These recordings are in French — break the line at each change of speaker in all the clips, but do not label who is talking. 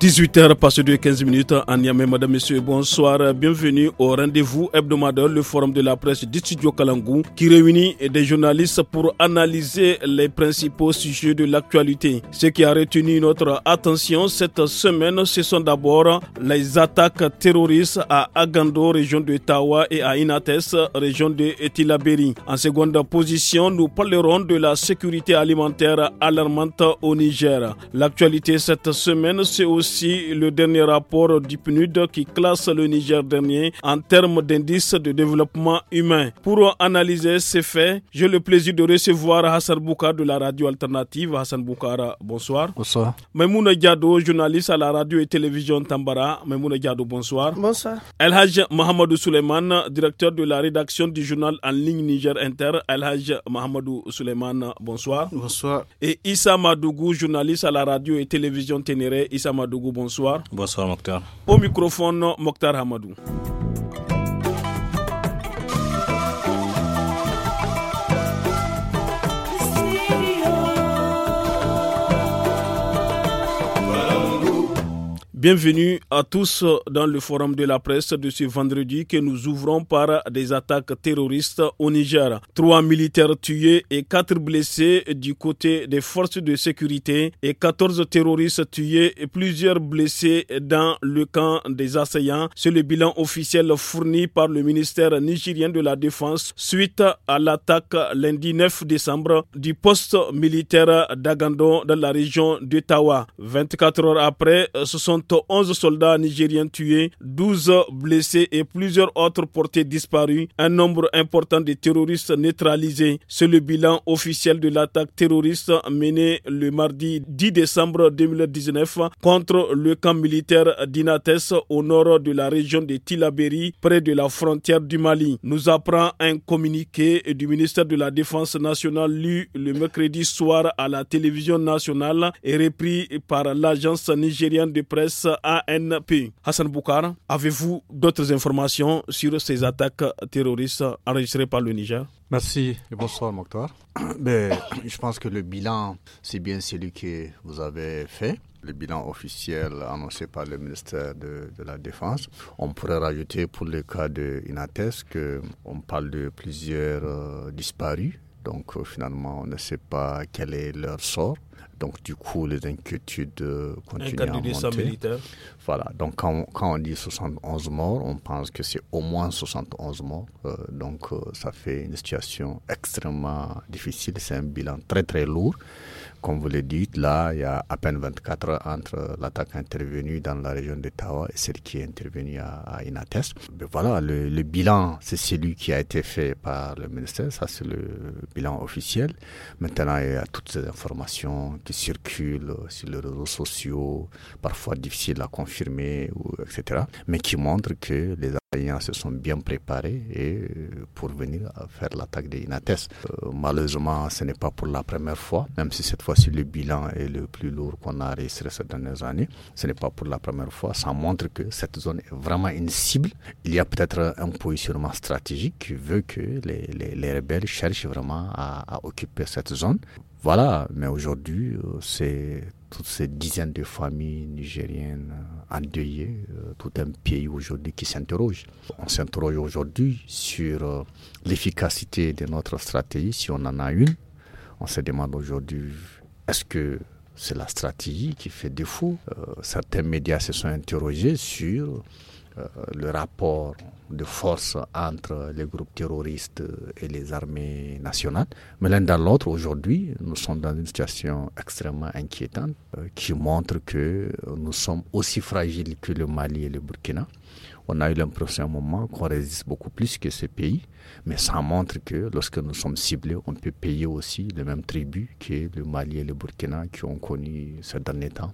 18h passé de 15 minutes en Niamey, madame, monsieur, bonsoir. Bienvenue au rendez-vous hebdomadaire, le forum de la presse du studio Kalangou, qui réunit des journalistes pour analyser les principaux sujets de l'actualité. Ce qui a retenu notre attention cette semaine, ce sont d'abord les attaques terroristes à Agando, région de Tawa, et à Inates, région de Etilaberi. En seconde position, nous parlerons de la sécurité alimentaire alarmante au Niger. L'actualité cette semaine, c'est aussi le dernier rapport du PNUD qui classe le Niger dernier en termes d'indice de développement humain. Pour analyser ces faits, j'ai le plaisir de recevoir Hassan Boukar de la radio alternative. Hassan Boukara, bonsoir. Bonsoir. Maimouna Diado, journaliste à la radio et télévision Tambara. Maimouna Diado, bonsoir. Bonsoir. El Haj Mohamedou Suleiman, directeur de la rédaction du journal en ligne Niger Inter. El Haj Mohamedou Suleiman, bonsoir. Bonsoir. Et Issa Madougou, journaliste à la radio et télévision Ténéré. Issa Madougou, Bonsoir.
Bonsoir, Mokhtar.
Au microphone, Mokhtar Hamadou. Bienvenue à tous dans le forum de la presse de ce vendredi que nous ouvrons par des attaques terroristes au Niger. Trois militaires tués et quatre blessés du côté des forces de sécurité et 14 terroristes tués et plusieurs blessés dans le camp des assaillants. C'est le bilan officiel fourni par le ministère nigérien de la Défense suite à l'attaque lundi 9 décembre du poste militaire d'Agando dans la région d'Ottawa. 24 heures après, ce sont 11 soldats nigériens tués, 12 blessés et plusieurs autres portés disparus, un nombre important de terroristes neutralisés. C'est le bilan officiel de l'attaque terroriste menée le mardi 10 décembre 2019 contre le camp militaire d'Inates au nord de la région de Tilaberi, près de la frontière du Mali. Nous apprend un communiqué du ministère de la Défense nationale lu le mercredi soir à la télévision nationale et repris par l'agence nigérienne de presse A.N.P. Hassan Boukar, avez-vous d'autres informations sur ces attaques terroristes enregistrées par le
Niger Merci et bonsoir Mokhtar. Ben, je pense que le bilan, c'est bien celui que vous avez fait le bilan officiel annoncé par le ministère de, la Défense. On pourrait rajouter pour le cas de Inates qu'on parle de plusieurs euh, disparus. Donc euh, finalement, on ne sait pas quel est leur sort. Donc, du coup, les inquiétudes euh, continuent à monter. Voilà. Donc, quand, on dit 71 morts, on pense que c'est au moins 71 morts. Euh, donc, euh, ça fait une situation extrêmement difficile. C'est un bilan très, très lourd. Comme vous le dites, là, il y a à peine 24 heures entre l'attaque intervenue dans la région d'Etawa et celle qui est intervenue à, à Inates. voilà, le, le bilan, c'est celui qui a été fait par le ministère. Ça, c'est le bilan officiel. Maintenant, il y a toutes ces informations qui circulent sur les réseaux sociaux, parfois difficiles à confirmer, etc., mais qui montrent que les Alliés se sont bien préparés euh, pour venir faire l'attaque des Inates. Euh, malheureusement, ce n'est pas pour la première fois, même si cette fois-ci le bilan est le plus lourd qu'on a réussi ces dernières années. Ce n'est pas pour la première fois. Ça montre que cette zone est vraiment une cible. Il y a peut-être un positionnement stratégique qui veut que les, rebelles cherchent vraiment à, à occuper cette zone voilà, mais aujourd'hui, euh, c'est toutes ces dizaines de familles nigériennes euh, endeuillées, euh, tout un pays aujourd'hui qui s'interroge. On s'interroge aujourd'hui sur l'efficacité de notre stratégie, si on en a une. On se demande aujourd'hui, est-ce que c'est la stratégie qui fait défaut Certains médias se sont interrogés sur euh, le rapport de force entre les groupes terroristes et les armées nationales. Mais l'un dans l'autre, aujourd'hui, nous sommes dans une situation extrêmement inquiétante euh, qui montre que nous sommes aussi fragiles que le Mali et le Burkina. On a eu l'impression à un moment qu'on résiste beaucoup plus que ces pays, mais ça montre que lorsque nous sommes ciblés, on peut payer aussi les mêmes tribus que le Mali et le Burkina qui ont connu ces derniers temps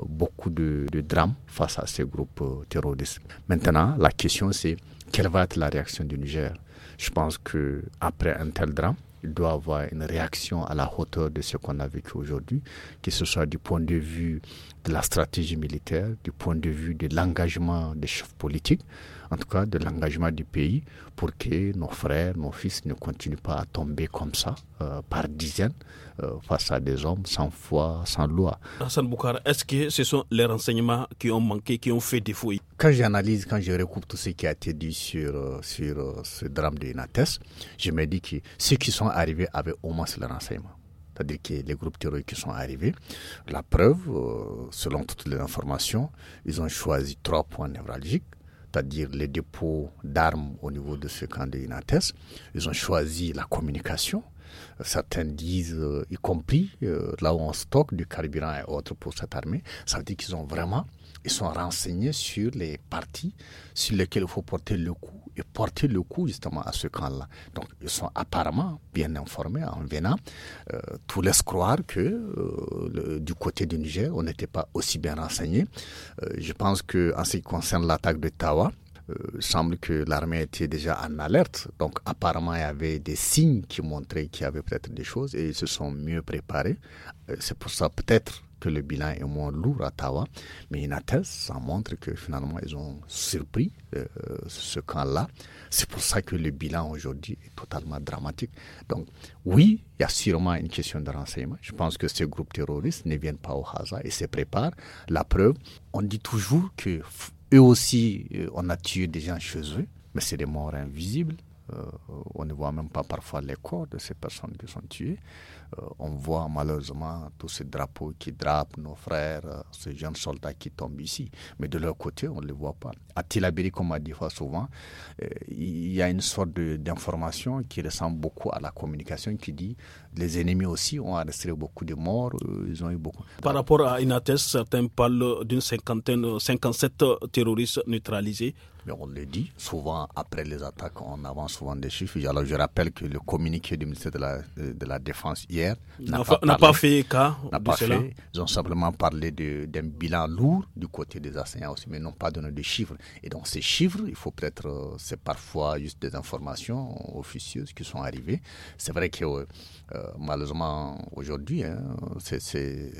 euh, beaucoup de, drames face à ces groupes euh, terroristes. Maintenant, la question c'est quelle va être la réaction du Niger Je pense que après un tel drame, il doit avoir une réaction à la hauteur de ce qu'on a vécu aujourd'hui, que ce soit du point de vue de la stratégie militaire, du point de vue de l'engagement des chefs politiques, en tout cas de l'engagement du pays, pour que nos frères, nos fils ne continuent pas à tomber comme ça, euh, par dizaines, euh, face à des hommes sans foi, sans loi.
Hassan Boukhar, est-ce que ce sont les renseignements qui ont manqué, qui ont fait défaut
Quand j'analyse, quand je recoupe tout ce qui a été dit sur, euh, sur ce drame de Inates, je me dis que ceux qui sont arrivés avaient au moins ce renseignement c'est-à-dire que les groupes terroristes qui sont arrivés. La preuve, euh, selon toutes les informations, ils ont choisi trois points névralgiques, c'est-à-dire les dépôts d'armes au niveau de ce camp de Inates. Ils ont choisi la communication, certains disent euh, y compris euh, là où on stocke du carburant et autres pour cette armée, ça veut dire qu'ils ont vraiment, ils sont renseignés sur les parties sur lesquelles il faut porter le coup et porter le coup justement à ce camp-là. Donc ils sont apparemment bien informés en venant. Euh, tout laisse croire que du côté du Niger, on n'était pas aussi bien renseigné. je pense que en ce qui concerne l'attaque de Tawa, euh, semble que l'armée était déjà en alerte. Donc apparemment, il y avait des signes qui montraient qu'il y avait peut-être des choses et ils se sont mieux préparés. Euh, c'est pour ça peut-être que le bilan est moins lourd à Tawa. Mais atteste ça montre que finalement, ils ont surpris euh, ce camp-là. C'est pour ça que le bilan aujourd'hui est totalement dramatique. Donc, oui, il y a sûrement une question de renseignement. Je pense que ces groupes terroristes ne viennent pas au hasard et se préparent. La preuve, on dit toujours que eux aussi, euh, on a tué des gens chez eux, mais c'est des morts invisibles. Euh, on ne voit même pas parfois les corps de ces personnes qui sont tuées. Euh, on voit malheureusement tous ces drapeaux qui drapent nos frères, euh, ces jeunes soldats qui tombent ici. Mais de leur côté, on ne les voit pas. À Tilabiri, comme on dit souvent, euh, il y a une sorte d'information qui ressemble beaucoup à la communication qui dit les ennemis aussi ont arrêté beaucoup de morts, ils ont eu beaucoup.
Par rapport à Inates, certains parlent d'une cinquantaine, cinquante-sept terroristes
neutralisés. Mais on le dit souvent après les attaques, on avance souvent des chiffres. Alors je rappelle que le communiqué du ministère de la, de la Défense hier n'a pas, fait cas de cela. Ils ont simplement parlé d'un bilan lourd du côté des enseignants aussi, mais n'ont pas donné de chiffres. Et donc ces chiffres, il faut peut-être, euh, c'est parfois juste des informations officieuses qui sont arrivées. C'est vrai que euh, malheureusement aujourd'hui, hein, c'est euh,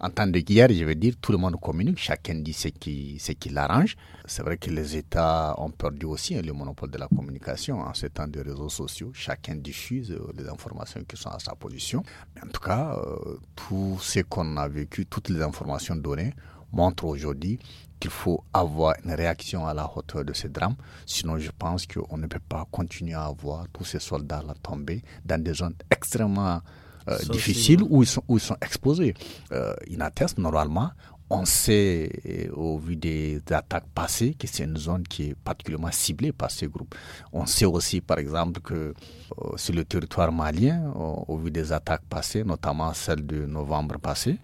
en temps de guerre, je veux dire, tout le monde communique, chacun dit ce qui, ce qui l'arrange. C'est vrai que les États ont perdu aussi hein, le monopole de la communication en ces temps de réseaux sociaux. Chacun diffuse les informations qui sont à sa position en tout cas, euh, tout ce qu'on a vécu, toutes les informations données montrent aujourd'hui qu'il faut avoir une réaction à la hauteur de ces drames. Sinon, je pense qu'on ne peut pas continuer à avoir tous ces soldats-là tomber dans des zones extrêmement euh, difficiles où ils, sont, ils sont exposés. Euh, normalement, on sait, euh, au vu des attaques passées, que c'est une zone qui est particulièrement ciblée par ces groupes. On sait aussi, par exemple, que euh, sur le territoire malien, euh, au, vu des attaques passées, notamment celle de novembre passé,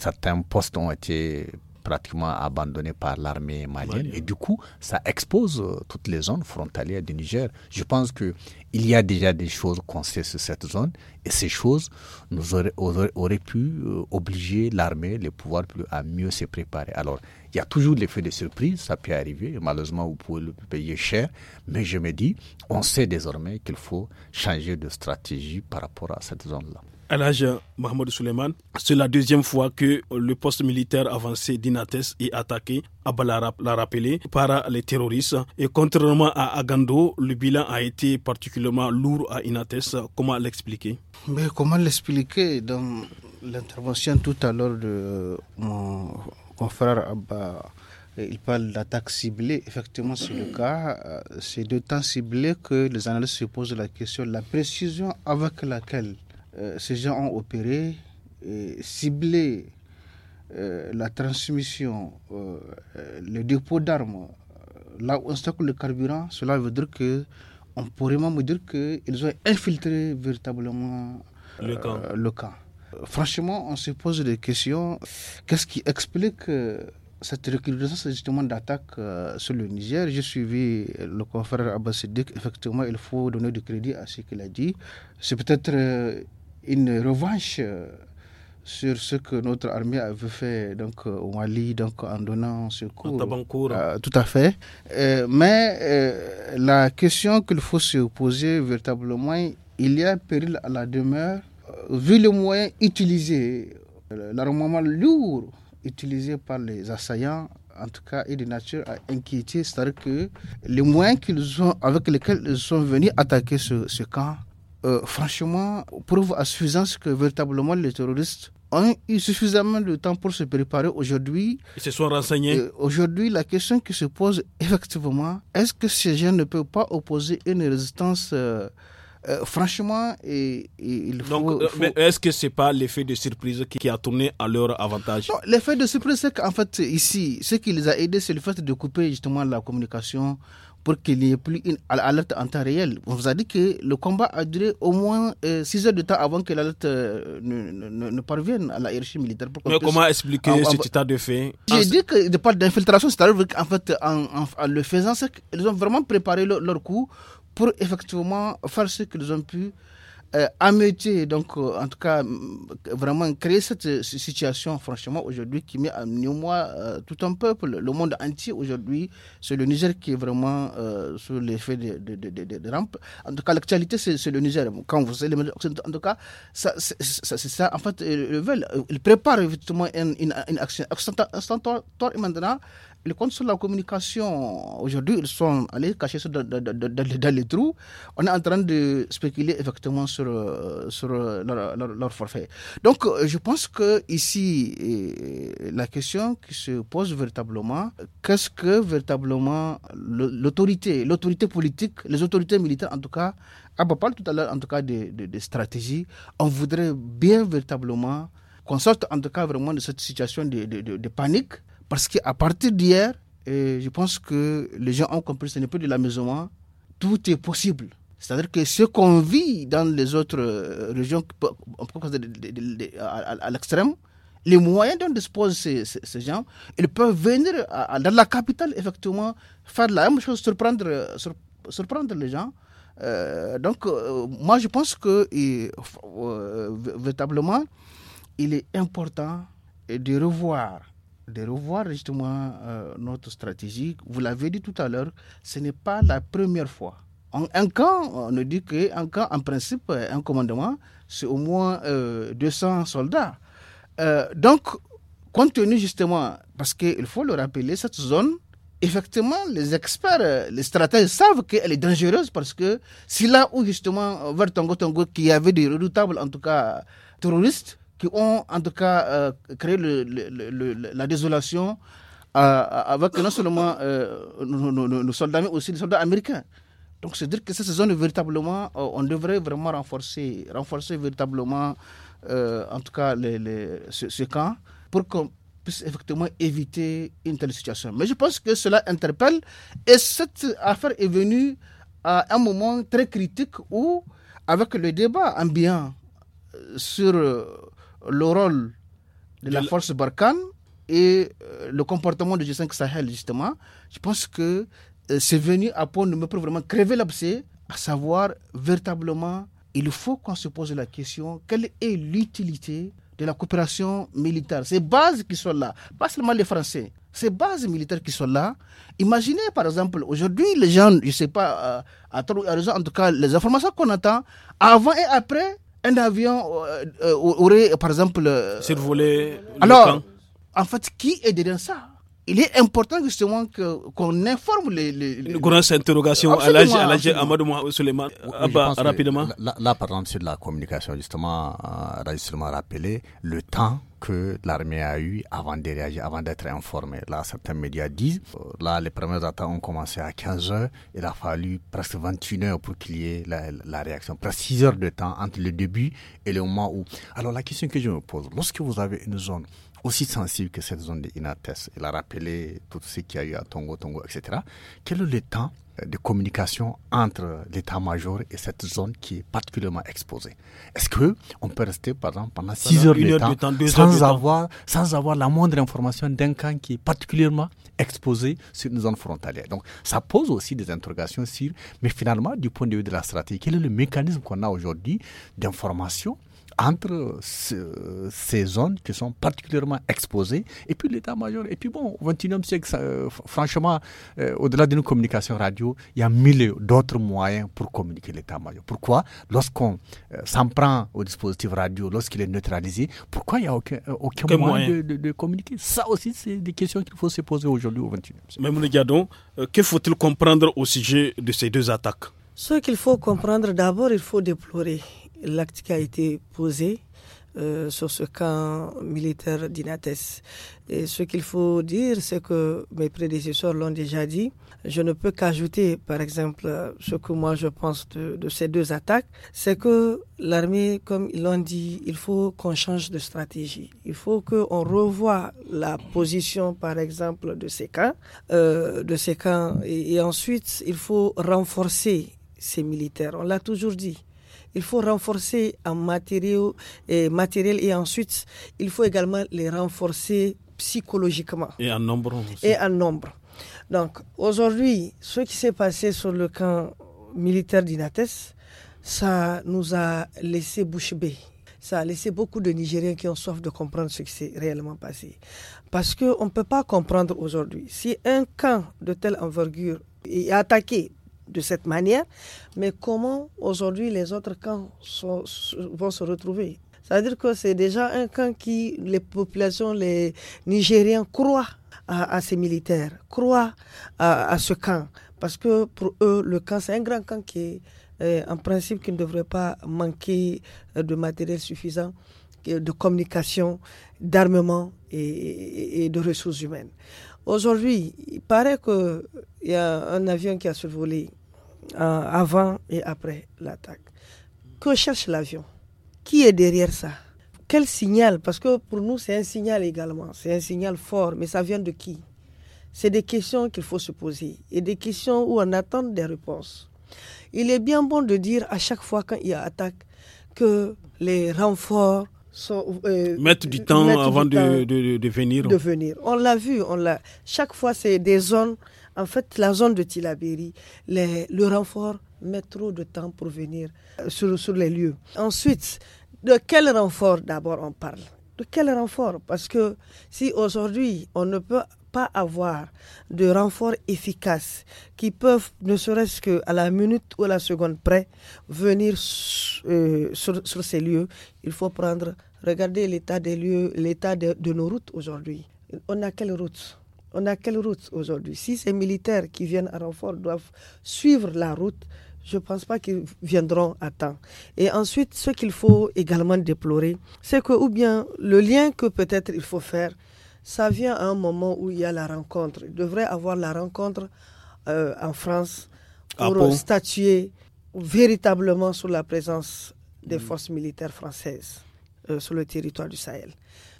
certains postes ont été pratiquement abandonnée par l'armée malienne. Et du coup, ça expose euh, toutes les zones frontalières du Niger. Je pense qu'il y a déjà des choses qu'on sait sur cette zone. Et ces choses nous auraient, auraient pu euh, obliger l'armée, les pouvoirs à mieux se préparer. Alors, il y a toujours l'effet de surprise, ça peut arriver. Malheureusement, vous pouvez le payer cher. Mais je me dis, on sait désormais qu'il faut changer de stratégie par rapport à cette zone-là
l'âge Mahmoud Suleiman,
c'est la deuxième
fois que le poste militaire avancé d'Inates est attaqué, Abba l'a rappelé, par les terroristes. Et contrairement à Agando, le bilan a été particulièrement lourd à Inates. Comment l'expliquer
Mais Comment l'expliquer Dans l'intervention tout à l'heure de mon confrère Abba, euh, il parle d'attaque ciblée. Effectivement, c'est le cas. Euh, c'est de temps ciblé que les analystes se posent la question la précision avec laquelle euh, ces gens ont opéré et ciblé euh, la transmission, euh, le dépôt d'armes, là où on stocke le carburant, cela veut dire que on pourrait même dire qu'ils ont infiltré véritablement le camp. Franchement, on se pose des questions. Qu'est-ce qui explique cette recrudescence justement d'attaques sur le Niger J'ai suivi le confrère Abbas Effectivement, il faut donner du crédit à ce qu'il a dit. C'est peut-être une revanche euh, sur ce que notre armée avait fait donc, au Mali, donc, en donnant ce Euh, tout à fait. Euh, mais euh, la question qu'il faut se poser véritablement, il y a un péril à la demeure, vu le moyens utilisé, l'armement lourd utilisé par les assaillants, en tout cas, est de nature à inquiéter, c'est-à-dire que les moyens qu'ils ont, avec lesquels ils sont venus attaquer ce, ce camp, euh, franchement, prouve à suffisance que véritablement les terroristes ont eu suffisamment de temps pour se préparer aujourd'hui.
Ils se sont renseignés. Euh,
aujourd'hui, la question qui se pose effectivement, est-ce que ces gens ne peuvent pas opposer une résistance euh, franchement, et, il faut.
Donc, est-ce que c'est pas l'effet de surprise qui, qui, a tourné à leur avantage Non,
l'effet de surprise, c'est qu'en fait, ici, ce qui les a aidés, c'est le fait de couper justement la communication pour qu'il n'y ait plus une alerte en temps réel. On vous a dit que le combat a duré au moins 6 euh, heures de temps avant que l'alerte euh, ne, ne, parvienne à la hiérarchie militaire.
Mais comment expliquer ce cet de fait
J'ai dit que de part d'infiltration, c'est-à-dire qu'en fait, en, le faisant, ils ont vraiment préparé leur, leur coup pour effectivement faire ce qu'ils ont pu euh, donc euh, en tout cas, vraiment créer cette euh, situation, franchement, aujourd'hui, qui met à moi euh, tout un peuple. Le monde entier, aujourd'hui, c'est le Niger qui est vraiment sous l'effet de, de, de, de, En tout cas, l'actualité, c'est le Niger. Quand vous allez en tout cas, ça, c'est ça. En fait, ils veulent, ils préparent effectivement une, une, action instantanée maintenant les comptes sur la communication, aujourd'hui, ils sont allés cacher ça dans, les trous. On est en train de spéculer effectivement sur, euh, sur euh, leur, forfait. Donc, euh, je pense que ici, la question qui se pose véritablement, qu'est-ce que véritablement l'autorité, l'autorité politique, les autorités militaires en tout cas, on parle tout à l'heure en tout cas des de, de stratégies. On voudrait bien véritablement qu'on sorte en tout cas vraiment de cette situation de, de panique parce qu'à partir d'hier, je pense que les gens ont compris que ce n'est plus de l'amusement, tout est possible. C'est-à-dire que ce qu'on vit dans les autres euh, régions, à l'extrême, les moyens dont disposent ces, gens, ils peuvent venir dans la capitale, effectivement, faire la même chose, surprendre, euh, surprendre les gens. Euh, donc, moi, je pense que et, véritablement, il est important de revoir de revoir justement euh, notre stratégie. Vous l'avez dit tout à l'heure, ce n'est pas la première fois. En, un camp, on ne dit qu'un camp, en principe, euh, un commandement, c'est au moins 200 euh, soldats. donc, compte tenu justement, parce qu'il faut le rappeler, cette zone, effectivement, les experts, les stratèges savent qu'elle est dangereuse parce que si là où justement, vers Tongo Tongo, qui avait des redoutables, en tout cas, terroristes, qui ont en tout cas euh, créé la désolation euh, avec non seulement euh, nos, soldats, mais aussi les soldats américains. Donc, c'est dire que cette zone, véritablement, on devrait vraiment renforcer, renforcer véritablement, en tout cas, ce, camp pour qu'on puisse effectivement éviter une telle situation. Mais je pense que cela interpelle et cette affaire est venue à un moment très critique où, avec le débat ambiant sur le rôle de la force Barkhane et euh, le comportement de G5 Sahel, justement, je pense que euh, c'est venu à point de me vraiment crever l'abcès, à savoir véritablement, il faut qu'on se pose la question quelle est l'utilité de la coopération militaire Ces bases qui sont là, pas seulement les Français, ces bases militaires qui sont là. Imaginez par exemple, aujourd'hui, les gens, je ne sais pas, euh, en tout cas, les informations qu'on attend avant et après, un avion euh, euh, aurait, par exemple. Euh, Survolé. Le alors, en fait, qui est dedans ça il est important justement qu'on
informe les, Une grosse interrogation à l'âge Amadou rapidement.
là, par exemple, de la communication, justement, euh, justement rappelé le temps que l'armée a eu avant de réagir, avant d'être informée. Là, certains médias disent, euh, là, les premières attaques ont commencé à 15 heures. Il a fallu presque 21 heures pour qu'il y ait la, la, réaction. Presque 6 heures de temps entre le début et le moment où. Alors, la question que je me pose, lorsque vous avez une zone aussi sensible que cette zone de Inates. Il a rappelé tout ce qu'il y a eu à Tongo Tongo, etc. Quel est le temps euh, de communication entre l'état-major et cette zone qui est particulièrement exposée Est-ce que on peut rester, par exemple, pendant 6 heures, du de temps, sans, avoir, sans avoir la moindre information d'un camp qui est particulièrement exposé sur une zone frontalière Donc, ça pose aussi des interrogations sur, mais finalement, du point de vue de la stratégie, quel est le mécanisme qu'on a aujourd'hui d'information entre ces zones qui sont particulièrement exposées, et puis l'état-major. Et puis bon, au XXIe siècle, franchement, euh, au-delà d'une communication radio, il y a mille d'autres moyens pour communiquer l'état-major. Pourquoi, lorsqu'on euh, s'en prend au dispositif radio, lorsqu'il est neutralisé, pourquoi il n'y a aucun, euh, moyen, De, communiquer Ça aussi, c'est des questions qu'il faut se poser aujourd'hui au XXIe siècle. Même Gadon,
que faut-il comprendre au sujet de ces deux attaques
Ce qu'il faut comprendre d'abord, il faut déplorer l'acte qui a été posé euh, sur ce camp militaire d'Inates. Et ce qu'il faut dire, c'est que mes prédécesseurs l'ont déjà dit. Je ne peux qu'ajouter, par exemple, ce que moi je pense de, ces deux attaques, c'est que l'armée, comme ils l'ont dit, il faut qu'on change de stratégie. Il faut qu'on revoie la position, par exemple, de ces camps, euh, de ces camps, et ensuite il faut renforcer ces militaires. On l'a toujours dit. Il faut renforcer en et euh, matériel et ensuite, il faut également les renforcer psychologiquement.
Et en nombre aussi.
Et en nombre. Donc, aujourd'hui, ce qui s'est passé sur le camp militaire d'Inates, ça nous a laissé bouche bée. Ça a laissé beaucoup de Nigériens qui ont soif de comprendre ce qui s'est réellement passé. Parce qu'on ne peut pas comprendre aujourd'hui. Si un camp de telle envergure est attaqué de cette manière, mais comment aujourd'hui les autres camps vont se retrouver c'est-à-dire que c'est déjà un camp qui, les populations, les Nigériens croient à, ces militaires, croient à, ce camp. Parce que pour eux, le camp, c'est un grand camp qui est euh, en principe qui ne devrait pas manquer euh, de matériel suffisant, de communication, d'armement et, de ressources humaines. Aujourd'hui, il paraît qu'il y a un avion qui a survolé euh, avant et après l'attaque. Que cherche l'avion Qui est derrière ça Quel signal Parce que pour nous, c'est un signal également. C'est un signal fort, mais ça vient de qui C'est des questions qu'il faut se poser et des questions où on attend des réponses. Il est bien bon de dire à chaque fois quand il y a attaque que les renforts sont, euh, mettre du euh, temps avant de, venir. De venir. On l'a vu, on l'a. Chaque fois, c'est des zones en fait, la zone de Tilaberi, le renfort met trop de temps pour venir euh, sur, les lieux. Ensuite, de quel renfort d'abord on parle De quel renfort Parce que si aujourd'hui on ne peut pas avoir de renfort efficace qui peuvent, ne serait-ce qu'à la minute ou à la seconde près, venir euh, sur, ces lieux, il faut prendre, regarder l'état des lieux, l'état de, de nos routes aujourd'hui. On a quelle route on a quelle route aujourd'hui Si ces militaires qui viennent à renfort doivent suivre la route, je ne pense pas qu'ils viendront à temps. Et ensuite, ce qu'il faut également déplorer, c'est que, ou bien le lien que peut-être il faut faire, ça vient à un moment où il y a la rencontre. Il devrait avoir la rencontre euh, en France pour statuer véritablement sur la présence des mm. forces militaires françaises. Euh, sur le territoire du Sahel.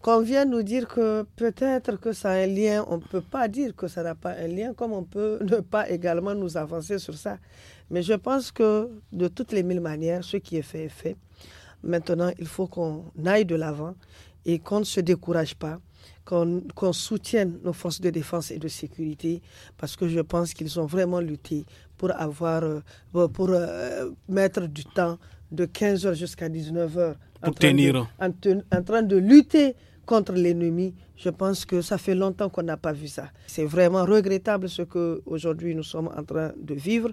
Qu'on vient nous dire que peut-être que ça a un lien, on ne peut pas dire que ça n'a pas un lien, comme on peut ne pas également nous avancer sur ça. Mais je pense que de toutes les mille manières, ce qui est fait est fait. Maintenant, il faut qu'on aille de l'avant et qu'on ne se décourage pas, qu'on soutienne nos forces de défense et de sécurité, parce que je pense qu'ils ont vraiment lutté pour avoir, euh, pour euh, mettre du temps de 15h jusqu'à 19h en, en train de lutter contre l'ennemi. Je pense que ça fait longtemps qu'on n'a pas vu ça. C'est vraiment regrettable ce que aujourd'hui nous sommes en train de vivre,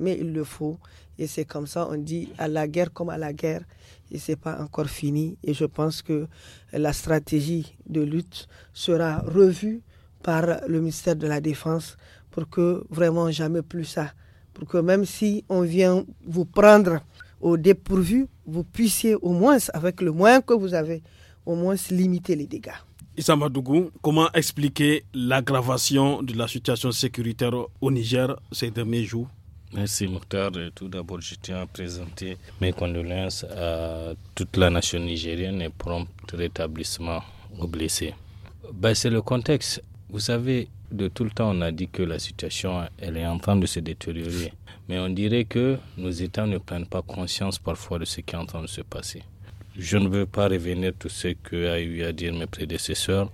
mais il le faut. Et c'est comme ça, on dit à la guerre comme à la guerre. Et c'est pas encore fini. Et je pense que la stratégie de lutte sera revue par le ministère de la Défense pour que vraiment jamais plus ça. Pour que même si on vient vous prendre au dépourvu, vous puissiez au moins, avec le moyen que vous avez, au moins limiter les dégâts.
Issa comment expliquer l'aggravation de la situation sécuritaire au Niger ces derniers jours
Merci Mokhtar. Tout d'abord, je tiens à présenter mes condoléances à toute la nation nigérienne et prompt rétablissement aux blessés. Ben, c'est le contexte. Vous savez, de tout le temps, on a dit que la situation elle est en train de se détériorer. Mais on dirait que nos États ne prennent pas conscience parfois de ce qui est en train de se passer. Je ne veux pas revenir tout ce que a eu à dire mes prédécesseurs,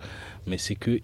mais c'est que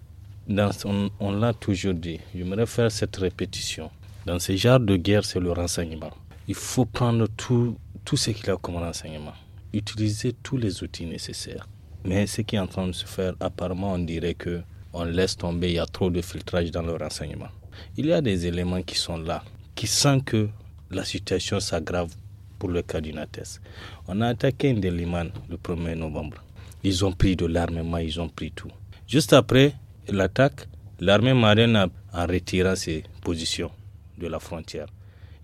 on, l'a toujours dit. je réfère faire cette répétition. Dans ce genre de guerre, c'est le renseignement. Il faut prendre tout, tout ce qu'il a comme renseignement, utiliser tous les outils nécessaires. Mais ce qui est en train de se faire, apparemment, on dirait que on laisse tomber, il y a trop de filtrage dans le renseignement. Il y a des éléments qui sont là, qui sent que la situation s'aggrave pour le cas d'Unates. On a attaqué Indeliman le 1er novembre. Ils ont pris de l'armement, ils ont pris tout. Juste après l'attaque, l'armée marine a, en retirant ses positions de la frontière.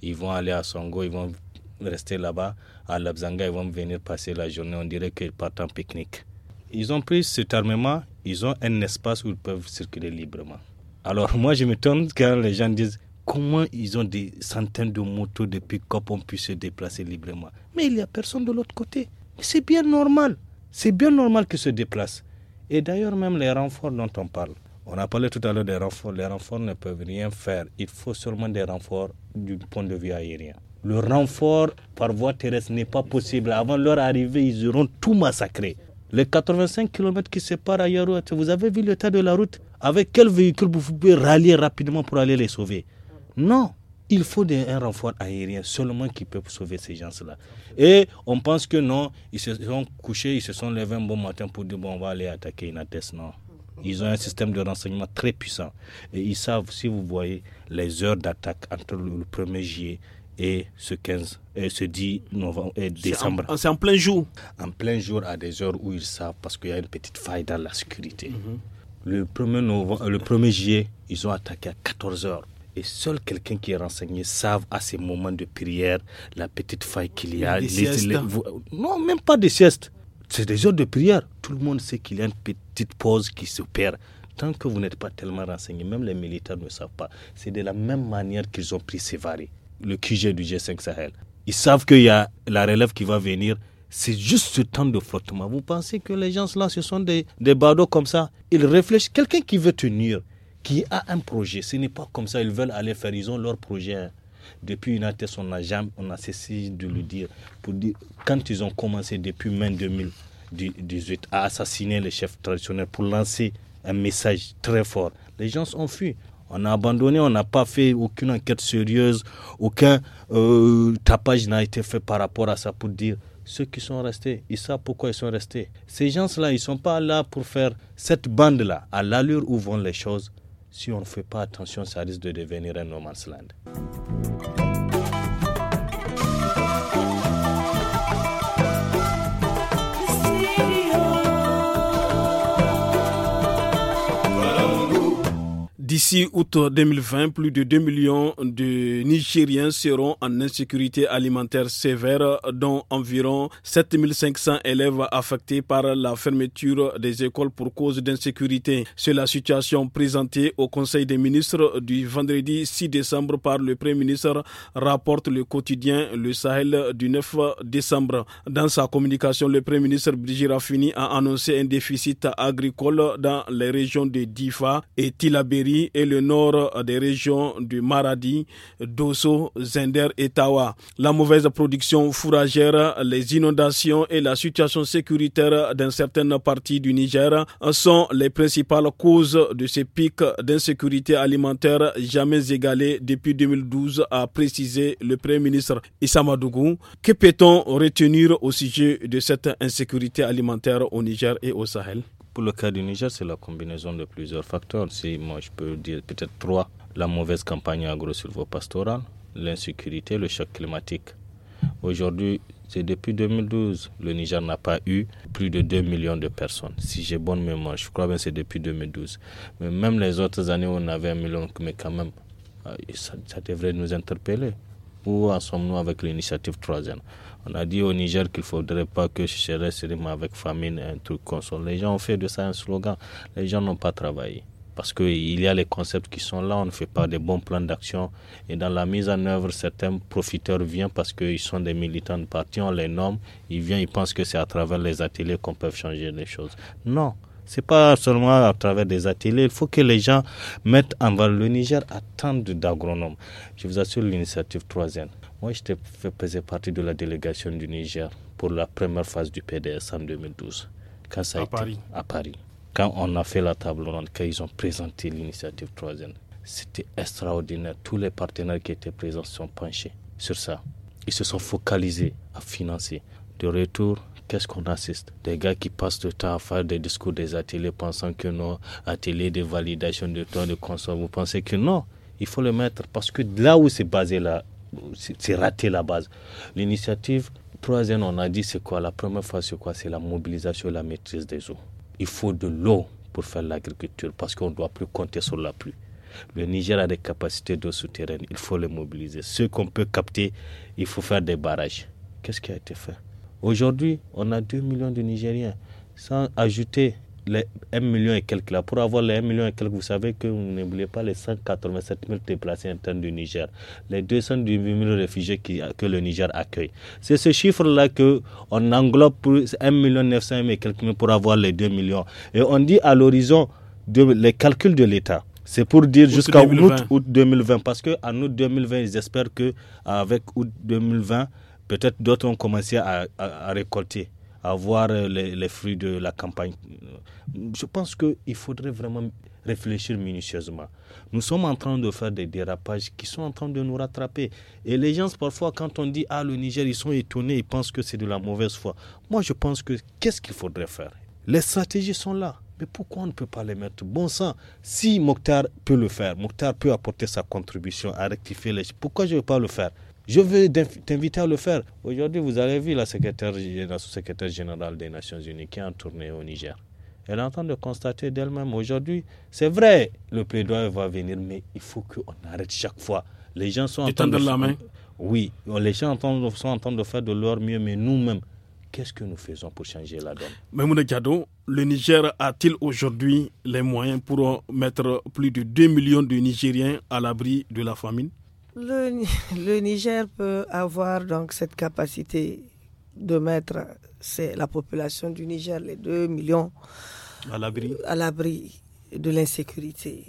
Ils vont aller à Songo, ils vont rester là-bas. À Labzanga, ils vont venir passer la journée. On dirait qu'ils partent en pique-nique. Ils ont pris cet armement, ils ont un espace où ils peuvent circuler librement. Alors moi, je me tourne quand les gens disent comment ils ont des centaines de motos de pick-up, on puisse se déplacer librement. Mais il n'y a personne de l'autre côté. C'est bien normal. C'est bien normal qu'ils se déplacent. Et d'ailleurs, même les renforts dont on parle. On a parlé tout à l'heure des renforts. Les renforts ne peuvent rien faire. Il faut seulement des renforts du point de vue aérien. Le renfort par voie terrestre n'est pas possible. Avant leur arrivée, ils auront tout massacré. Les 85 km qui séparent Ayarouat, vous avez vu l'état de la route Avec quel véhicule vous pouvez rallier rapidement pour aller les sauver non, il faut un renfort aérien seulement qui peut sauver ces gens-là. Et on pense que non, ils se sont couchés, ils se sont levés un bon matin pour dire bon, on va aller attaquer Inates ». Non. Ils ont un système de renseignement très puissant. Et ils savent, si vous voyez, les heures d'attaque entre le 1er juillet et ce 15, et ce 10 novembre décembre. C'est en, plein jour En plein jour, à des heures où ils savent, parce qu'il y a une petite faille dans la sécurité. Mhm. Le 1 novembre, le 1er juillet, ils ont attaqué à 14 heures. Et seul quelqu'un qui est renseigné savent à ces moments de prière la petite faille qu'il y a. non, même pas des siestes. C'est des heures de prière. Tout le monde sait qu'il y a une petite pause qui s'opère Tant que vous n'êtes pas tellement renseigné, même les militaires ne savent pas. C'est de la même manière qu'ils ont pris Sévaré, le QG du G5 Sahel. Ils savent qu'il y a la relève qui va venir. C'est juste ce temps de flottement. Vous pensez que les gens là, ce sont des, des badauds comme ça Ils réfléchissent. Quelqu'un qui veut tenir, qui a un projet. Ce n'est pas comme ça, ils veulent aller faire, ils ont leur projet. Hein. Depuis une année, on n'a jamais, on a cessé de le dire. Pour dire quand ils ont commencé depuis mai 2018 à assassiner les chefs traditionnels pour lancer un message très fort, les gens sont fui. On a abandonné, on n'a pas fait aucune enquête sérieuse, aucun euh, tapage n'a été fait par rapport à ça pour dire ceux qui sont restés, ils savent pourquoi ils sont restés. Ces gens-là, ils ne sont pas là pour faire cette bande-là. À l'allure où vont les choses, si on ne fait pas attention, ça risque de devenir un no man's land.
D'ici août 2020, plus de 2 millions de Nigériens seront en insécurité alimentaire sévère, dont environ 7500 élèves affectés par la fermeture des écoles pour cause d'insécurité. C'est la situation présentée au Conseil des ministres du vendredi 6 décembre par le Premier ministre, rapporte le quotidien Le Sahel du 9 décembre. Dans sa communication, le Premier ministre Brigitte Raffini a annoncé un déficit agricole dans les régions de Difa et Tilaberi et le nord des régions du Maradi, Dosso, Zender et Tawa. La mauvaise production fourragère, les inondations et la situation sécuritaire dans certaines parties du Niger sont les principales causes de ces pics d'insécurité alimentaire jamais égalé depuis 2012, a précisé le Premier ministre Issa Que peut-on retenir au sujet de cette insécurité alimentaire au Niger et au Sahel? Pour le cas du Niger,
c'est la combinaison de plusieurs facteurs. Si moi je peux dire peut-être trois la mauvaise campagne agro pastorale, l'insécurité, le choc climatique. Aujourd'hui, c'est depuis 2012, le Niger n'a pas eu plus de 2 millions de personnes. Si j'ai bonne mémoire, je crois bien que c'est depuis 2012. Mais même les autres années, on avait un million, mais quand même, euh, ça, ça devrait nous interpeller. Où en sommes-nous avec l'initiative troisième on a dit au Niger qu'il ne faudrait pas que je rime avec famine, un truc ça. Les gens ont fait de ça un slogan. Les gens n'ont pas travaillé. Parce qu'il y a les concepts qui sont là, on ne fait pas de bons plans d'action. Et dans la mise en œuvre, certains profiteurs viennent parce qu'ils sont des militants de parti, on les nomme, ils viennent, ils pensent que c'est à travers les ateliers qu'on peut changer les choses. Non, ce n'est pas seulement à travers des ateliers. Il faut que les gens mettent en valeur. Le Niger à tant d'agronomes. Je vous assure, l'initiative troisième moi, j'étais faisais partie de la délégation du Niger pour la première phase du PDS en 2012. Quand ça à, été, Paris. à Paris. Quand on a fait la table ronde, quand ils ont présenté l'initiative troisième, c'était extraordinaire. Tous les partenaires qui étaient présents se sont penchés sur ça. Ils se sont focalisés à financer. De retour, qu'est-ce qu'on assiste Des gars qui passent le temps à faire des discours des ateliers pensant que non, ateliers de validation de temps de consommation. Vous pensez que non, il faut le mettre parce que là où c'est basé là, c'est raté la base. L'initiative troisième on a dit c'est quoi La première fois, c'est quoi C'est la mobilisation et la maîtrise des eaux. Il faut de l'eau pour faire l'agriculture parce qu'on ne doit plus compter sur la pluie. Le Niger a des capacités d'eau souterraine, il faut les mobiliser. Ce qu'on peut capter, il faut faire des barrages. Qu'est-ce qui a été fait Aujourd'hui, on a 2 millions de Nigériens sans ajouter les 1 million et quelques là. Pour avoir les 1 million et quelques, vous savez que vous n'oubliez pas les 187 000 déplacés internes du Niger, les 218 000 réfugiés qui, que le Niger accueille. C'est ce chiffre-là qu'on englobe pour 1 million 900 000 et quelques pour avoir les 2 millions. Et on dit à l'horizon les calculs de l'État. C'est pour dire jusqu'à août, août 2020, parce qu'en août 2020, ils espèrent qu'avec août 2020, peut-être d'autres ont commencé à, récolter, à récolter les, les, fruits de la campagne je pense qu'il faudrait vraiment réfléchir minutieusement. Nous sommes en train de faire des dérapages qui sont en train de nous rattraper. Et les gens, parfois, quand on dit Ah, le Niger, ils sont étonnés, ils pensent que c'est de la mauvaise foi. Moi, je pense que qu'est-ce qu'il faudrait faire Les stratégies sont là. Mais pourquoi on ne peut pas les mettre Bon sang, si Mokhtar peut le faire, Mokhtar peut apporter sa contribution à rectifier les pourquoi je ne veux pas le faire je veux t'inviter à le faire. Aujourd'hui, vous avez vu la secrétaire, la secrétaire générale des Nations Unies qui est en tournée au Niger. Elle est en train de constater d'elle-même aujourd'hui, c'est vrai, le plaidoyer va venir, mais il faut qu'on arrête chaque fois. Les gens sont en train de... la main. Oui, les gens sont en train de faire de leur mieux, mais nous-mêmes, qu'est-ce que nous faisons pour changer la donne
Mme Gado, le Niger a-t-il aujourd'hui les moyens pour mettre plus de 2 millions de Nigériens à l'abri de la famine
le, le, Niger peut avoir donc cette capacité de mettre c'est la population du Niger, les 2 millions à l'abri, de l'insécurité.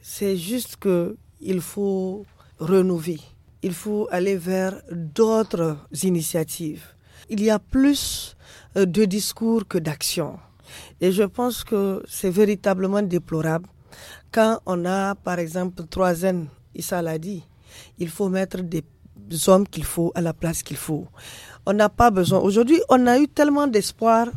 C'est juste que il faut renouveler, il faut aller vers d'autres initiatives. Il y a plus euh, de discours que d'actions. Et je pense que c'est véritablement déplorable quand on a, par exemple, trois N, Issa l'a dit, il faut mettre des hommes qu'il faut à la place qu'il faut on n'a pas besoin. Aujourd'hui, on a eu tellement d'espoir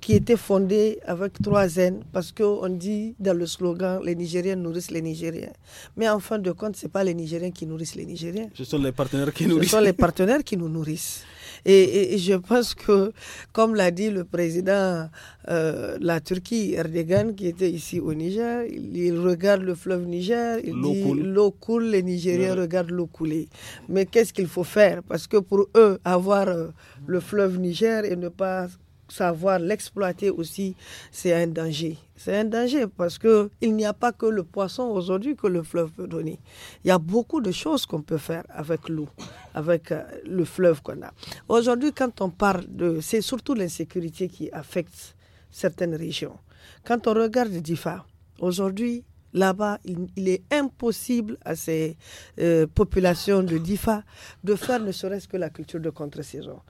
qui était fondé avec trois N, parce qu'on dit dans le slogan les Nigériens nourrissent les Nigériens. Mais en fin de compte, ce n'est pas les Nigériens qui nourrissent les Nigériens.
Ce sont les partenaires qui Ce sont les
partenaires qui nous nourrissent. Et, je pense que, comme l'a dit le président euh, la Turquie, Erdogan, qui était ici au Niger, il, regarde le fleuve Niger, il dit l'eau coule, les Nigériens regardent l'eau couler. Mais qu'est-ce qu'il faut faire Parce que pour eux, avoir euh, le fleuve Niger et ne pas savoir l'exploiter aussi, c'est un danger. C'est un danger parce qu'il il n'y a pas que le poisson aujourd'hui que le fleuve peut donner. Il y a beaucoup de choses qu'on peut faire avec l'eau, avec euh, le fleuve qu'on a. Aujourd'hui, quand on parle de, c'est surtout l'insécurité qui affecte certaines régions. Quand on regarde Difa, aujourd'hui, là-bas, il, est impossible à ces euh, populations de Difa de faire ne serait-ce que la culture de contre-saison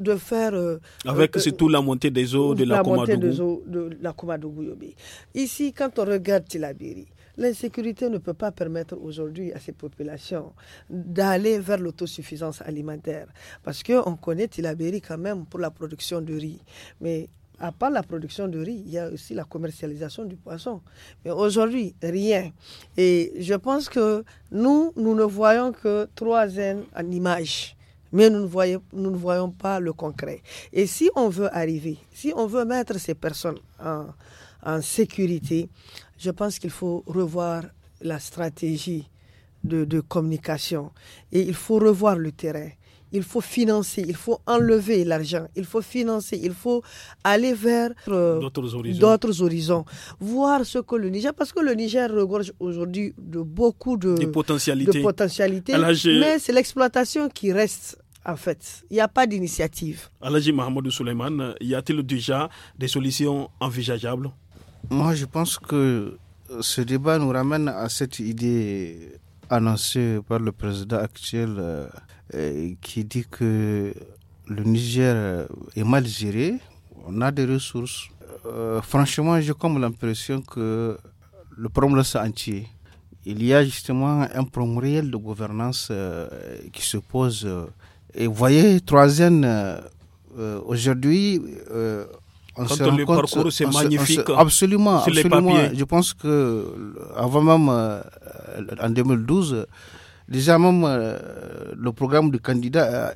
de faire... Euh, Avec euh, surtout
la montée des eaux de la, la
de la Ici, quand on regarde Tilabiri, L'insécurité ne peut pas permettre aujourd'hui à ces populations d'aller vers l'autosuffisance alimentaire. Parce qu'on connaît Tilabiri quand même pour la production de riz. Mais à part la production de riz, il y a aussi la commercialisation du poisson. Mais aujourd'hui, rien. Et je pense que nous, nous ne voyons que trois zènes en mais nous ne, voyons, nous ne voyons pas le concret. Et si on veut arriver, si on veut mettre ces personnes en, sécurité, je pense qu'il faut revoir la stratégie de, communication et il faut revoir le terrain. Il faut financer, il faut enlever l'argent, il faut financer, il faut aller vers euh, d'autres horizons. voir ce que le Niger, parce que le Niger regorge aujourd'hui de beaucoup de, de potentialités, e. mais c'est l'exploitation qui reste en fait. Il n'y a pas d'initiative.
Alaji Mahmoud Souleyman, y a-t-il déjà des solutions envisageables Moi, je
pense que euh, ce débat nous ramène à cette idée annoncée par le président actuel euh, euh, qui dit que le Niger est mal géré, on a des ressources. franchement, j'ai comme l'impression que le problème c'est entier. Il y a justement un problème réel de gouvernance qui se pose et vous voyez, troisième, euh, euh, aujourd'hui, euh, on se rend compte, c'est magnifique. Hein, absolument, absolument. Je pense que avant même, en 2012, déjà même le programme du candidat,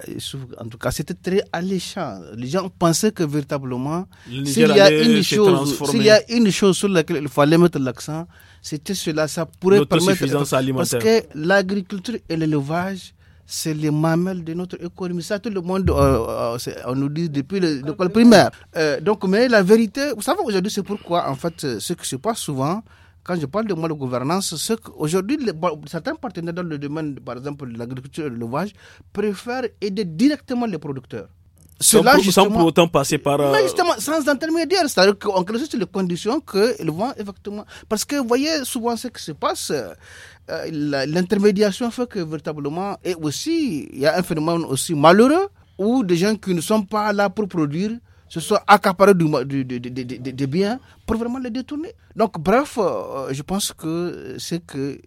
en tout cas, c'était très alléchant. Les gens pensaient que véritablement, s'il y a une chose, s'il y a une chose sur laquelle il fallait mettre l'accent, c'était cela. Ça pourrait permettre parce que l'agriculture et l'élevage c'est les mamelles de notre économie. Ça, tout le monde, euh, euh, on nous dit depuis l'école primaire. Euh, donc, mais la vérité, vous savez, aujourd'hui, c'est pourquoi, en fait, ce qui se passe souvent, quand je parle de mode de gouvernance, c'est qu'aujourd'hui, certains partenaires dans le domaine, par exemple, de l'agriculture et de l'élevage, préfèrent aider directement les producteurs. Cela, sans pour autant
passer par. Mais euh, justement,
sans intermédiaire. C'est-à-dire qu'on crée juste les conditions qu'ils vont effectivement. Parce que vous voyez souvent ce qui se passe. Euh, l'intermédiation fait que véritablement. Et aussi, il y a un phénomène aussi malheureux où des gens qui ne sont pas là pour produire se sont accaparés des de, de, biens pour vraiment les détourner. Donc, bref, euh, je pense que c'est que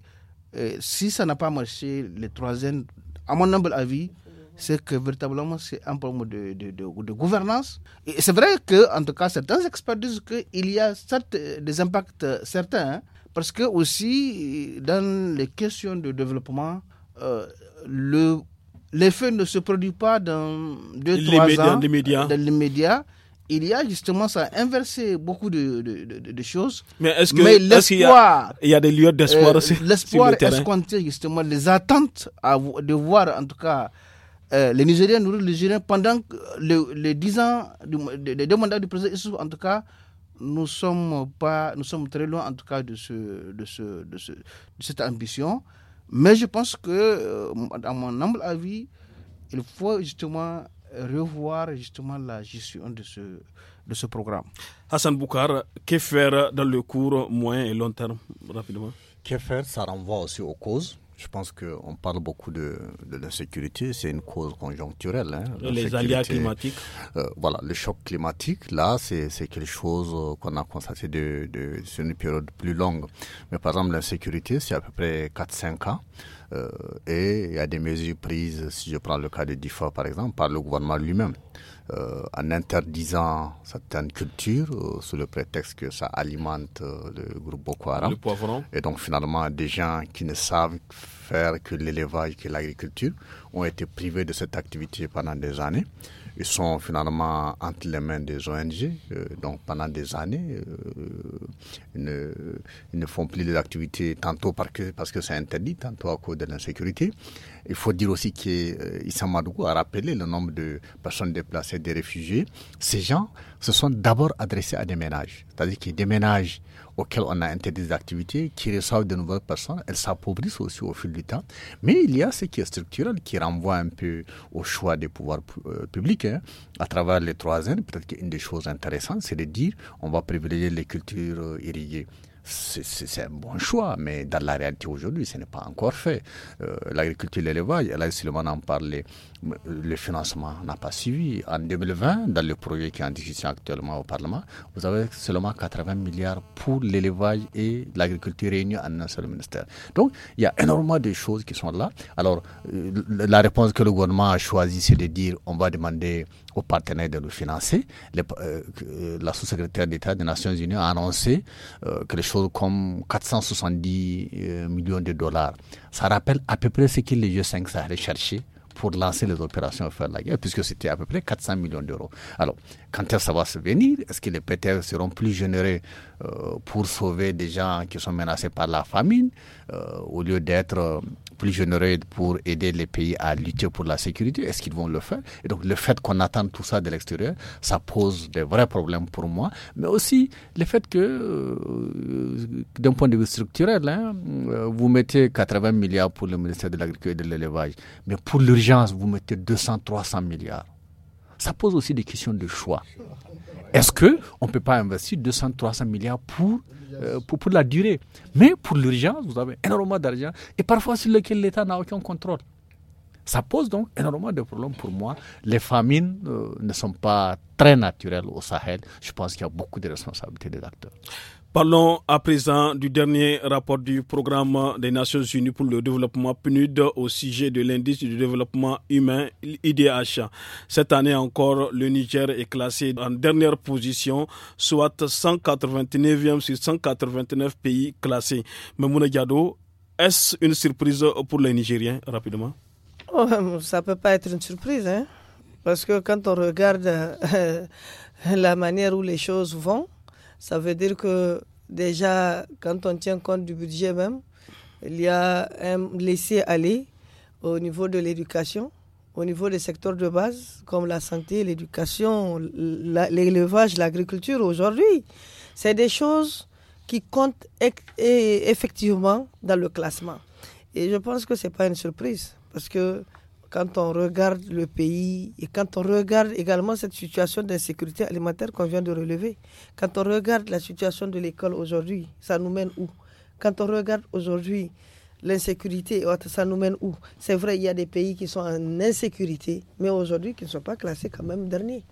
si ça n'a pas marché les troisièmes, à mon humble avis, c'est que véritablement c'est un problème de, de, de, gouvernance. Et c'est vrai que, en tout cas, certains experts disent qu'il y a certes des impacts certains, hein, parce que aussi dans les questions de développement, euh, le l'effet ne se produit pas dans deux les trois médias, ans dans l'immédiat. Il y a justement ça a inversé beaucoup de, de choses. Mais est-ce que l'espoir,
il, y a des lieux d'espoir euh, aussi. L'espoir tient
justement les attentes à, de voir en tout cas euh, les Nigériens nourrissent les Nigériens pendant les 10 ans, des de, deux mandats du président en tout cas, nous sommes, pas, nous sommes très loin, en tout cas, de, ce, de, ce, de, ce, cette ambition. Mais je pense que, euh, à mon humble avis, il faut justement revoir justement
la gestion de ce, de ce programme. Hassan Boukar, que faire dans le court, moyen et long terme, rapidement
Que faire Ça renvoie aussi aux causes je pense qu'on parle beaucoup de, de l'insécurité. c'est une cause conjoncturelle. Hein. les aléas climatiques. Euh, voilà, le choc climatique, là, c'est quelque chose euh, qu'on a constaté de, sur une période plus longue. Mais par exemple, l'insécurité, c'est à peu près 4-5 ans. Euh, et il y a des mesures prises, si je prends le cas de DIFA par exemple, par le gouvernement lui-même, euh, en interdisant certaines cultures euh, sous le prétexte que ça alimente le groupe Boko Haram. Et donc finalement, des gens qui ne savent faire que l'élevage, que l'agriculture, ont été privés de cette activité pendant des années ils sont finalement entre les mains des ONG. Euh, donc pendant des années, euh, ils, ne, font plus de l'activité tantôt parce que, parce que c'est interdit, tantôt à cause de l'insécurité. Il faut dire aussi qu'Issamadou euh, a rappelé le nombre de personnes déplacées, des réfugiés. Ces gens se sont d'abord adressés à des ménages, c'est-à-dire qu'ils déménagent auxquelles on a interdit des activités, qui reçoivent de nouvelles personnes, elles s'appauvrissent aussi au fil du temps. Mais il y a ce qui est structurel, qui renvoie un peu au choix des pouvoirs euh, publics. Hein. À travers les trois peut-être qu'une des choses intéressantes, c'est de dire on va privilégier les cultures euh, irriguées c'est un bon choix, mais dans la réalité aujourd'hui, ce n'est pas encore fait. Euh, l'agriculture et l'élevage, là, seulement en parlait, le financement n'a pas suivi. En 2020, dans le projet qui est en discussion actuellement au Parlement, vous avez seulement 80 milliards pour l'élevage et l'agriculture réunis en un seul ministère. Donc, il y a énormément de choses qui sont là. Alors, euh, la réponse que le gouvernement a choisie, c'est de dire on va demander aux partenaires de le financer. Euh, euh, la sous-secrétaire d'État des Nations Unies a annoncé euh, quelque chose comme 470 millions de dollars. Ça rappelle à peu près ce que les G5 Sahel recherché pour lancer les opérations et faire la guerre, puisque c'était à peu près 400 millions d'euros. Alors, quand ça va se venir, est-ce que les PTF seront plus générés pour sauver des gens qui sont menacés par la famine, au lieu d'être plus généreux pour aider les pays à lutter pour la sécurité Est-ce qu'ils vont le faire Et donc le fait qu'on attende tout ça de l'extérieur, ça pose des vrais problèmes pour moi, mais aussi le fait que, euh, d'un point de vue structurel, hein, euh, vous mettez 80 milliards pour le ministère de l'Agriculture et de l'Élevage, mais pour l'urgence, vous mettez 200, 300 milliards. Ça pose aussi des questions de choix. Est-ce qu'on ne peut pas investir 200, 300 milliards euh, pour, pour, la durée Mais pour l'urgence, vous avez énormément d'argent et parfois sur lequel l'État n'a aucun contrôle. Ça pose donc énormément de problèmes pour moi. Les famines euh, ne sont pas très naturelles au Sahel. Je pense qu'il y a beaucoup de responsabilités des acteurs. Parlons
à présent du dernier rapport du programme des Nations Unies pour le développement PNUD au sujet de l'indice du développement humain IDH. Cette année encore, le Niger est classé en dernière position, soit 189e sur 189 pays classés. Mamouna Diado, est-ce une surprise pour les Nigériens Rapidement.
Oh, ça ne peut pas être une surprise, hein, parce que quand on regarde euh, la manière où les choses vont, ça veut dire que déjà, quand on tient compte du budget même, il y a un laisser-aller au niveau de l'éducation, au niveau des secteurs de base comme la santé, l'éducation, l'élevage, l'agriculture aujourd'hui. C'est des choses qui comptent effectivement dans le classement. Et je pense que ce n'est pas une surprise parce que quand on regarde le pays et quand on regarde également cette situation d'insécurité alimentaire qu'on vient de relever, quand on regarde la situation de l'école aujourd'hui, ça nous mène où Quand on regarde aujourd'hui l'insécurité, ça nous mène où C'est vrai, il y a des pays qui sont en insécurité, mais aujourd'hui qui ne sont pas classés quand même derniers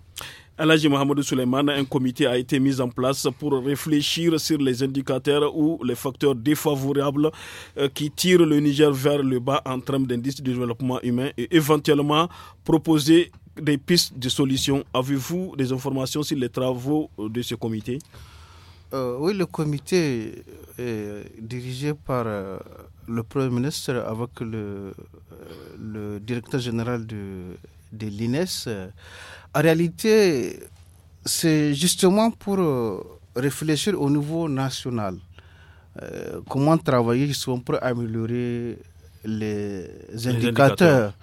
de Mohamed Suleiman, un comité a été mis en place pour réfléchir sur les indicateurs ou les facteurs défavorables euh, qui tirent le Niger vers le bas en termes d'indice de développement humain et éventuellement proposer des pistes de solutions. Avez-vous des informations sur les travaux euh, de ce comité euh, Oui, le comité
est dirigé par le Premier ministre avec le, le directeur général de de l'INES. En réalité, c'est justement pour euh, réfléchir au niveau national. Euh, comment travailler justement pour améliorer les, indicateurs.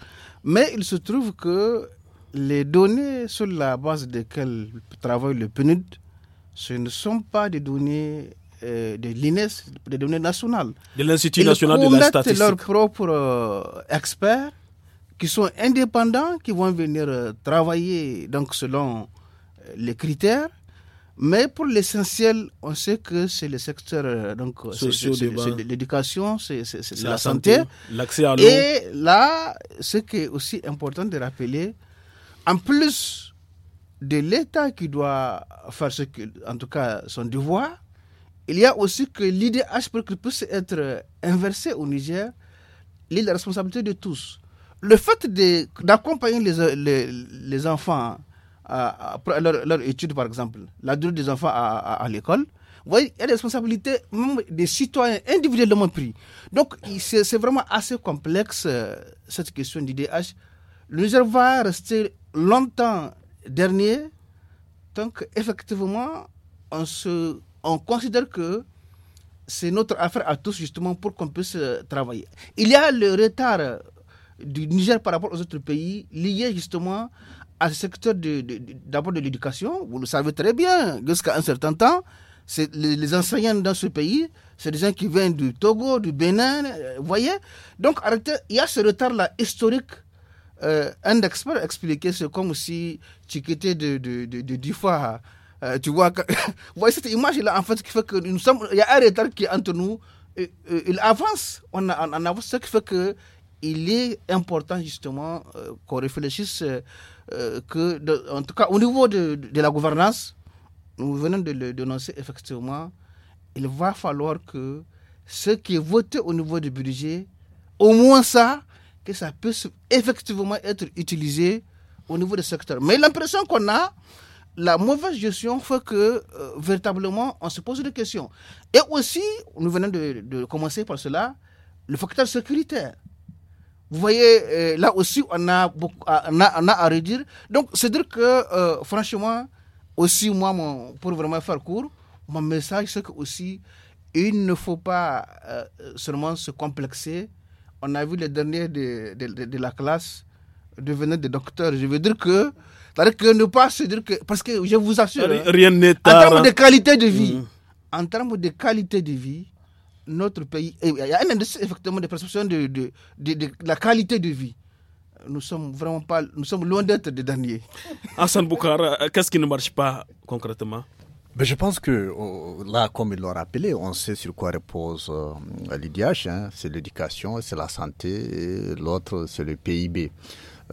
Mais il se trouve que les données sur la base desquelles travaille le PNUD, ce ne sont pas des données euh, de l'INES, des données nationales. De l'Institut national de la statistique. Ils leurs propres experts qui sont indépendants, qui vont venir euh, travailler donc selon euh, les critères. Mais pour l'essentiel, on sait que c'est le secteur euh, donc l'éducation, c'est la, santé, l'accès à l'eau. Et là, ce qui est aussi important de rappeler, en plus de l'État qui doit faire ce que, en tout cas son devoir, il y a aussi que l'IDH que puisse être inversé au Niger, l'Île de la responsabilité de tous le fait d'accompagner les, les, enfants euh, à, leur, étude, par exemple, la durée des enfants à, l'école, voyez, il y a des responsabilités même des citoyens individuellement pris. Donc, c'est vraiment assez complexe, euh, cette question d'IDH. Le Niger va rester longtemps dernier, tant effectivement, on, se, on considère que c'est notre affaire à tous justement pour qu'on puisse euh, travailler. Il y a le retard du Niger par rapport aux autres pays, liés justement à ce secteur d'abord de, de l'éducation. Vous le savez très bien, jusqu'à un certain temps, les, les enseignants dans ce pays, c'est des gens qui viennent du Togo, du Bénin, euh, vous voyez. Donc, il y a ce retard-là historique euh, un expert expliqué c'est comme si tu quittais de, de, 10 fois. Euh, tu vois, vous voyez cette image-là, en fait, qui fait que nous sommes. Il y a un retard qui est entre nous. il avance. On, a, avance, ce qui fait que il est important justement euh, qu'on réfléchisse euh, euh, que, en tout cas, au niveau de, la gouvernance, nous venons de le dénoncer effectivement, il va falloir que ce qui est voté au niveau du budget, au moins ça, que ça puisse effectivement être utilisé au niveau du secteur. Mais l'impression qu'on a, la mauvaise gestion fait que véritablement on se pose des questions. Et aussi, nous venons de commencer par cela, le facteur sécuritaire. Vous voyez, euh, là aussi, euh, on a, on a, à redire. Donc, c'est dire que, euh, franchement, aussi, moi, mon, pour vraiment faire court, mon message, c'est que aussi, il ne faut pas seulement se complexer. On a vu les derniers de, de, la classe devenir des docteurs. Je veux dire que, c'est-à-dire que ne pas se dire que, parce que je vous assure, rien n'est hein, hein. mm. en termes de qualité de vie, en termes de qualité de vie, notre pays, il y a effectivement des perception de, de, la
qualité de vie nous sommes vraiment pas, nous sommes loin d'être des derniers. Hassan Boukhara, euh, qu'est-ce qui ne marche pas concrètement
ben, je pense que oh, là, comme il l'a rappelé, on sait sur quoi repose euh, l'IDH. Hein. C'est l'éducation, c'est la santé, et l'autre, c'est le PIB.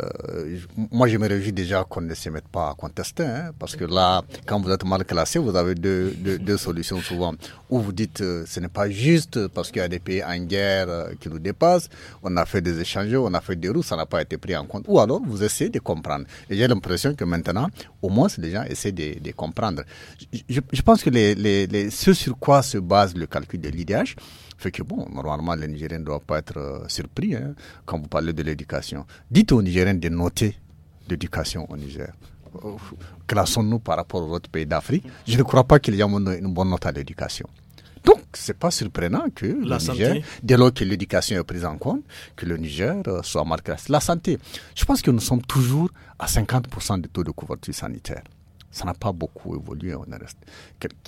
Euh, moi, je me réjouis déjà qu'on ne se mette pas à contester, hein, parce que là, quand vous êtes mal classé, vous avez deux, solutions souvent. Ou vous dites, euh, ce n'est pas juste parce qu'il y a des pays en guerre euh, qui nous dépassent, on a fait des échanges, on a fait des roues, ça n'a pas été pris en compte. Ou alors, vous essayez de comprendre. Et j'ai l'impression que maintenant, au moins, les gens essaient de, comprendre. Je, pense que les, ce sur quoi se base le calcul de l'IDH, fait que bon, normalement, les Nigériens ne doivent pas être euh, surpris hein, quand vous parlez de l'éducation. Dites aux Nigériens de noter l'éducation au Niger. Euh, classons-nous par rapport aux autres pays d'Afrique. Je ne crois pas qu'il y ait une bonne note à l'éducation. Donc, ce n'est pas surprenant que le Niger, dès lors que l'éducation est prise en compte, que le Niger euh, soit marqué. La santé, je pense que nous sommes toujours à 50% de taux de couverture sanitaire. Ça n'a pas beaucoup évolué. On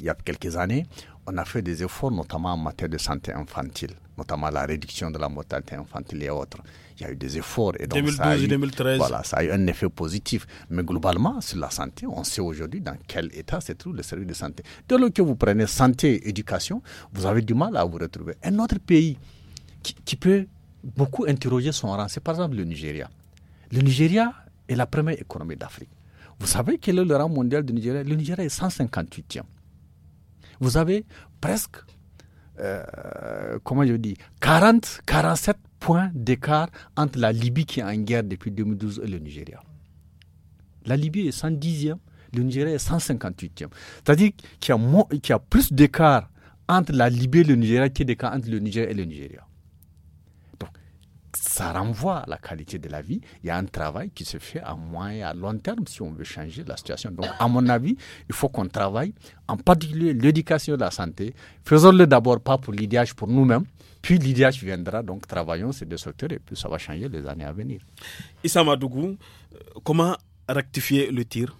Il y a quelques années, on a fait des efforts, notamment en matière de santé infantile, notamment la réduction de la mortalité infantile et autres. Il y a eu des efforts. Et 2012 ça 2013. Voilà, ça a eu un effet positif. Mais globalement, sur la santé, on sait aujourd'hui dans quel état se trouve le service de santé. Dès lors que vous prenez santé, éducation, vous avez du mal à vous retrouver. Un autre pays qui, qui peut beaucoup interroger son rang, c'est par exemple le Nigeria. Le Nigeria est la première économie d'Afrique. Vous savez quel est le rang mondial du Nigeria Le Nigeria est 158e vous avez presque, euh, comment je dis, 40, 47 points d'écart entre la Libye qui est en guerre depuis 2012 et le Nigeria. La Libye est 110e, le Nigeria est 158e. C'est-à-dire qu'il y, y, a plus d'écart entre la Libye et le Nigeria qu'il y a d'écart entre le Nigeria et le Nigeria ça renvoie à la qualité de la vie. Il y a un travail qui se fait à moyen et à long terme si on veut changer la situation. Donc, à mon avis, il faut qu'on travaille en particulier l'éducation et la santé. Faisons-le d'abord pas pour l'idéage pour nous-mêmes, puis l'IDH viendra, donc travaillons ces deux secteurs et puis ça va changer les années à venir. Issa Madougou, euh, comment rectifier le tir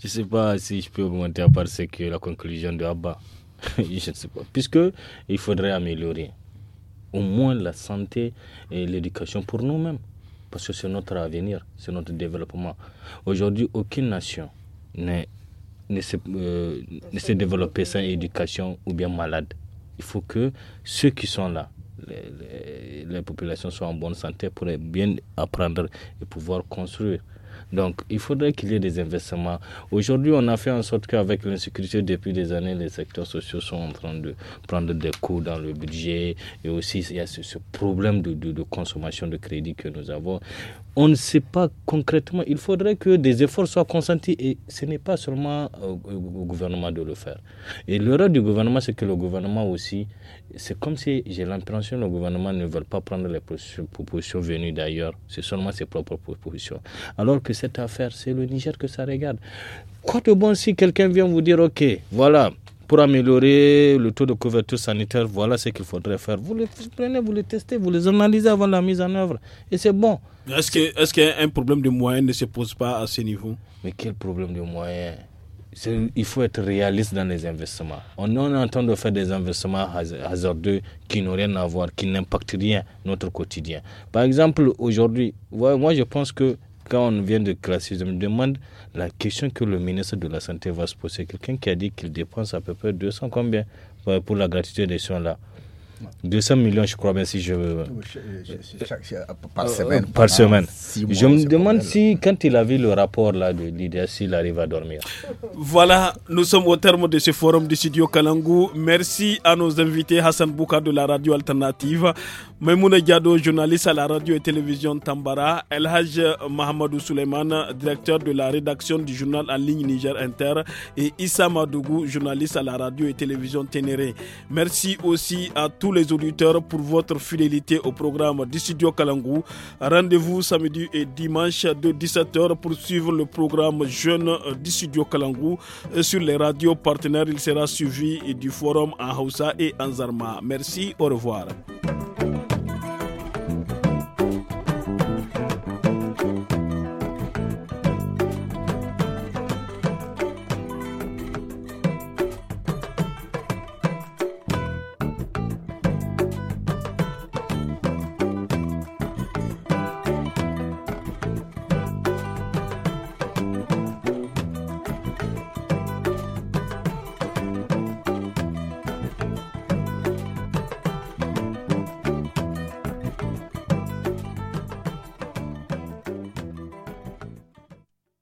Je ne sais pas si je peux augmenter à part ce que la conclusion de Abba. je ne sais pas. Puisque il faudrait améliorer au moins la santé et l'éducation pour nous-mêmes. Parce que c'est notre avenir, c'est notre développement. Aujourd'hui, aucune nation ne se, euh, sans éducation ou bien malade. Il faut que ceux qui sont là, les, les populations soient en bonne santé pour bien apprendre et pouvoir construire. Donc, il faudrait qu'il y ait des investissements. Aujourd'hui, on a fait en sorte qu'avec l'insécurité, depuis des années, les secteurs sociaux sont en train de prendre des coûts dans le budget. Et aussi, il y a ce, problème de, de, consommation de crédit que nous avons. On ne sait pas concrètement. Il faudrait que des efforts soient consentis. Et ce n'est pas seulement euh, au, gouvernement de le faire. Et l'erreur du gouvernement, c'est que le gouvernement aussi, c'est comme si, j'ai l'impression, le gouvernement ne veut pas prendre les propositions venues d'ailleurs. C'est seulement ses propres propositions. Alors, que cette affaire, c'est le Niger que ça regarde. Quoi de bon si quelqu'un vient vous dire, OK, voilà, pour améliorer
le taux de couverture sanitaire, voilà ce qu'il faudrait faire. Vous
les prenez, vous les testez, vous les analysez avant la mise en œuvre. Et c'est bon.
Est-ce qu'un est problème de moyens ne se pose pas à ce niveau
Mais quel problème de moyens il faut être réaliste dans les investissements. On est en train de faire des investissements hasardeux qui n'ont rien à voir, qui n'impactent rien notre quotidien. Par exemple, aujourd'hui, moi je pense que quand on vient de classer, je me demande la question que le ministre de la Santé va se poser. Quelqu'un qui a dit qu'il dépense à peu près 200 combien euh, pour la gratuité des gens là. 200 millions, je crois bien, si je veux. Ah, par euh, semaine. Par semaine. je me demande si, quand il a vu le rapport là, de l'IDS, s'il arrive à dormir.
Voilà, nous sommes au terme de ce forum du studio Kalangou. Merci à nos invités, Hassan Bouka de la radio alternative, Maimouna Diado, journaliste à la radio et télévision Tambara, El Mahamadou directeur de la rédaction du journal en ligne Niger Inter, et Issa Madougou, journaliste à la radio et télévision Ténéré. Merci aussi à tous tous les auditeurs pour votre fidélité au programme du studio Kalangou. Rendez-vous samedi et dimanche de 17h pour suivre le programme Jeune du studio Kalangou sur les radios partenaires. Il sera suivi du forum en Hausa et en Zarma. Merci, au revoir.